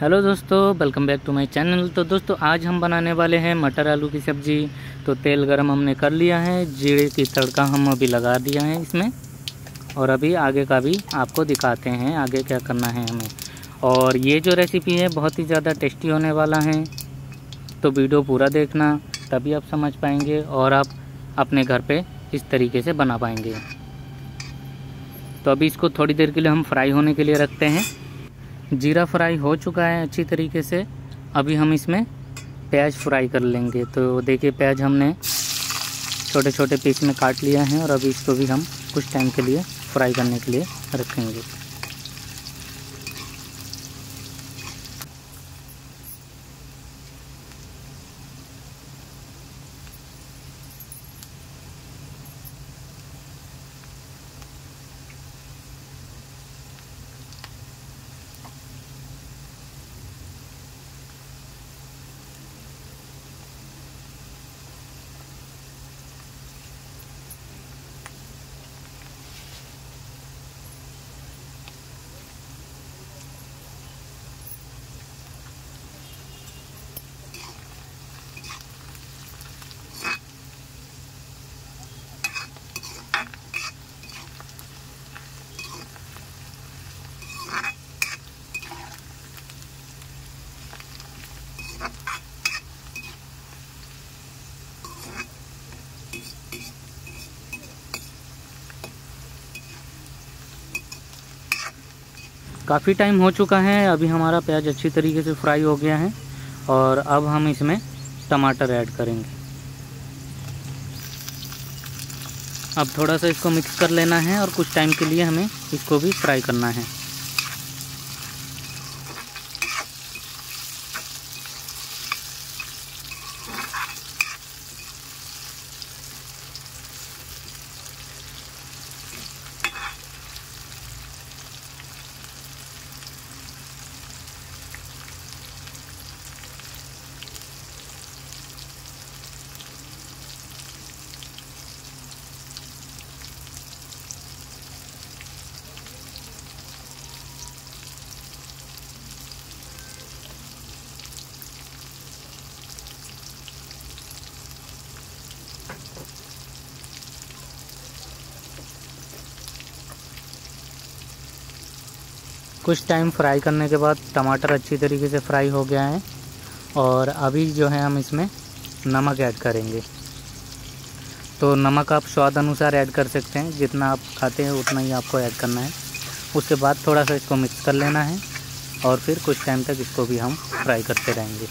hello दोस्तों welcome back to my channel तो दोस्तों आज हम बनाने वाले हैं मटर आलू की सब्ज़ी तो तेल गरम हमने कर लिया है जीरे की तड़का हम अभी लगा दिया है इसमें और अभी आगे का भी आपको दिखाते हैं आगे क्या करना है हमें और ये जो रेसिपी है बहुत ही ज़्यादा टेस्टी होने वाला है तो वीडियो पूरा देखना तभी आप समझ पाएंगे और आप अपने घर पर इस तरीके से बना पाएंगे तो अभी इसको थोड़ी देर के लिए हम फ्राई होने के लिए रखते हैं जीरा फ्राई हो चुका है अच्छी तरीके से अभी हम इसमें प्याज फ्राई कर लेंगे तो देखिए प्याज हमने छोटे छोटे पीस में काट लिया है और अभी इसको भी हम कुछ टाइम के लिए फ्राई करने के लिए रखेंगे काफ़ी टाइम हो चुका है अभी हमारा प्याज अच्छी तरीके से फ्राई हो गया है और अब हम इसमें टमाटर ऐड करेंगे अब थोड़ा सा इसको मिक्स कर लेना है और कुछ टाइम के लिए हमें इसको भी फ्राई करना है कुछ टाइम फ्राई करने के बाद टमाटर अच्छी तरीके से फ्राई हो गया है और अभी जो है हम इसमें नमक ऐड करेंगे तो नमक आप स्वाद अनुसार ऐड कर सकते हैं जितना आप खाते हैं उतना ही आपको ऐड करना है उसके बाद थोड़ा सा इसको मिक्स कर लेना है और फिर कुछ टाइम तक इसको भी हम फ्राई करते रहेंगे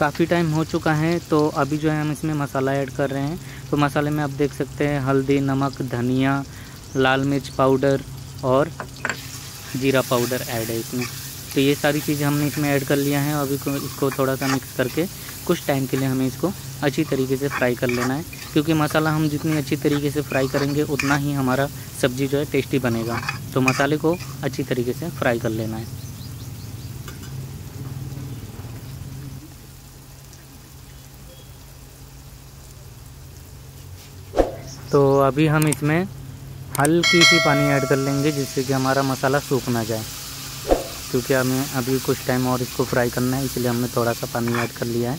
काफ़ी टाइम हो चुका है तो अभी जो है हम इसमें मसाला ऐड कर रहे हैं तो मसाले में आप देख सकते हैं हल्दी नमक धनिया लाल मिर्च पाउडर और जीरा पाउडर ऐड है इसमें तो ये सारी चीज़ें हमने इसमें ऐड कर लिया है अभी इसको थोड़ा सा मिक्स करके कुछ टाइम के लिए हमें इसको अच्छी तरीके से फ्राई कर लेना है क्योंकि मसाला हम जितनी अच्छी तरीके से फ्राई करेंगे उतना ही हमारा सब्ज़ी जो है टेस्टी बनेगा तो मसाले को अच्छी तरीके से फ्राई कर लेना है तो अभी हम इसमें हल्की सी पानी ऐड कर लेंगे जिससे कि हमारा मसाला सूख ना जाए क्योंकि हमें अभी कुछ टाइम और इसको फ्राई करना है इसलिए हमने थोड़ा सा पानी ऐड कर लिया है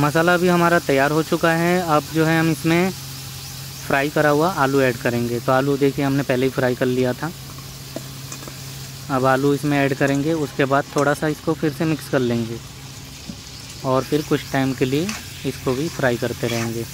मसाला अभी हमारा तैयार हो चुका है अब जो है हम इसमें फ्राई करा हुआ आलू ऐड करेंगे तो आलू देखिए हमने पहले ही फ्राई कर लिया था अब आलू इसमें ऐड करेंगे उसके बाद थोड़ा सा इसको फिर से मिक्स कर लेंगे और फिर कुछ टाइम के लिए इसको भी फ्राई करते रहेंगे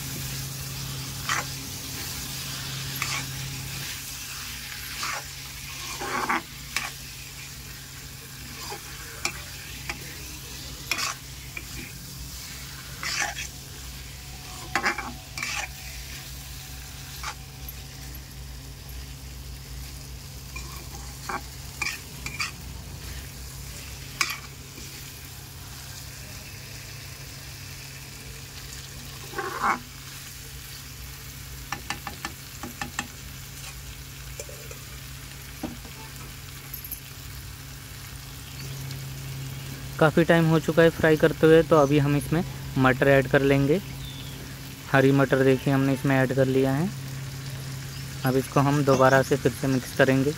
काफ़ी टाइम हो चुका है फ्राई करते हुए तो अभी हम इसमें मटर ऐड कर लेंगे हरी मटर देखिए हमने इसमें ऐड कर लिया है अब इसको हम दोबारा से फिर से मिक्स करेंगे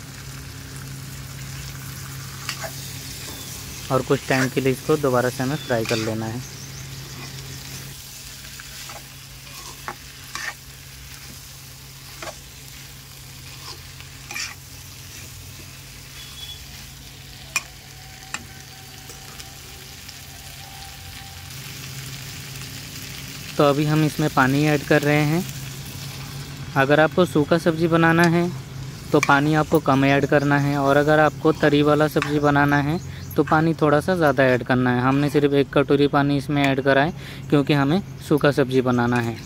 और कुछ टाइम के लिए इसको दोबारा से हमें फ्राई कर लेना है तो अभी हम इसमें पानी ऐड कर रहे हैं अगर आपको सूखा सब्ज़ी बनाना है तो पानी आपको कम ऐड करना है और अगर आपको तरी वाला सब्ज़ी बनाना है तो पानी थोड़ा सा ज़्यादा ऐड करना है हमने सिर्फ एक कटोरी पानी इसमें ऐड करा है क्योंकि हमें सूखा सब्ज़ी बनाना है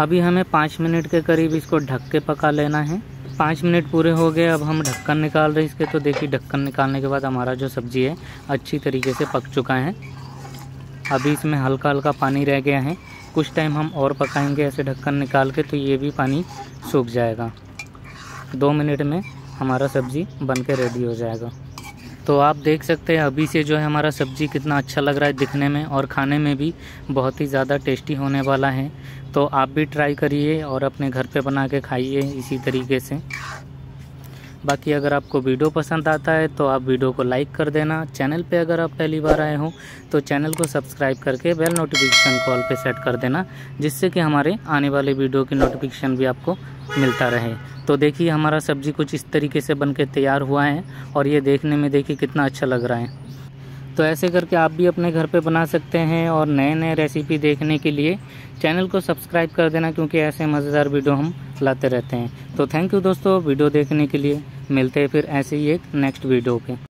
अभी हमें पाँच मिनट के करीब इसको ढक के पका लेना है पाँच मिनट पूरे हो गए अब हम ढक्कन निकाल रहे हैं इसके तो देखिए ढक्कन निकालने के बाद हमारा जो सब्ज़ी है अच्छी तरीके से पक चुका है अभी इसमें हल्का हल्का पानी रह गया है कुछ टाइम हम और पकाएंगे ऐसे ढक्कन निकाल के तो ये भी पानी सूख जाएगा दो मिनट में हमारा सब्ज़ी बन के रेडी हो जाएगा तो आप देख सकते हैं अभी से जो है हमारा सब्ज़ी कितना अच्छा लग रहा है दिखने में और खाने में भी बहुत ही ज़्यादा टेस्टी होने वाला है तो आप भी ट्राई करिए और अपने घर पे बना के खाइए इसी तरीके से बाकी अगर आपको वीडियो पसंद आता है तो आप वीडियो को लाइक कर देना चैनल पे अगर आप पहली बार आए हो तो चैनल को सब्सक्राइब करके बेल नोटिफिकेशन कॉल पे सेट कर देना जिससे कि हमारे आने वाले वीडियो की नोटिफिकेशन भी आपको मिलता रहे तो देखिए हमारा सब्जी कुछ इस तरीके से बन के तैयार हुआ है और ये देखने में देखिए कितना अच्छा लग रहा है तो ऐसे करके आप भी अपने घर पे बना सकते हैं और नए नए रेसिपी देखने के लिए चैनल को सब्सक्राइब कर देना क्योंकि ऐसे मज़ेदार वीडियो हम लाते रहते हैं तो थैंक यू दोस्तों वीडियो देखने के लिए मिलते हैं फिर ऐसे ही एक नेक्स्ट वीडियो पे